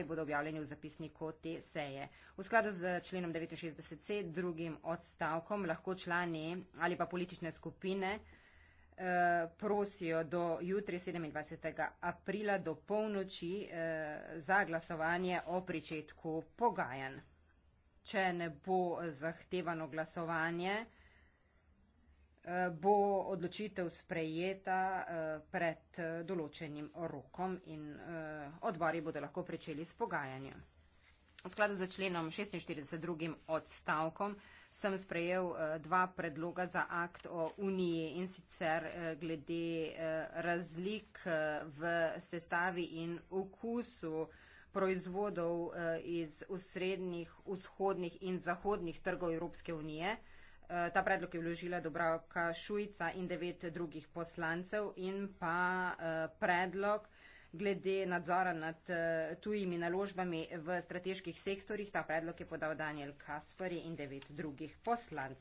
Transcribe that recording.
in torej bodo objavljeni v zapisniku te seje. V skladu z členom 69c drugim odstavkom lahko člani ali pa politične skupine eh, prosijo do jutri 27. aprila do polnoči eh, za glasovanje o pričetku pogajanj. Če ne bo zahtevano glasovanje, bo odločitev sprejeta eh, pred eh, določenim rokom in eh, odbori bodo lahko pričeli s pogajanjem. V skladu za členom 46. odstavkom sem sprejel dva predloga za akt o uniji in sicer glede razlik v sestavi in okusu proizvodov iz osrednjih, vzhodnih in zahodnih trgov Evropske unije. Eh, ta predlog je vložila Dobravka Šujca in devet drugih poslancev in pa eh, predlog glede nadzora nad eh, tujimi naložbami v strateških sektorjih. Ta predlog je podal Daniel Kaspari in devet drugih poslancev.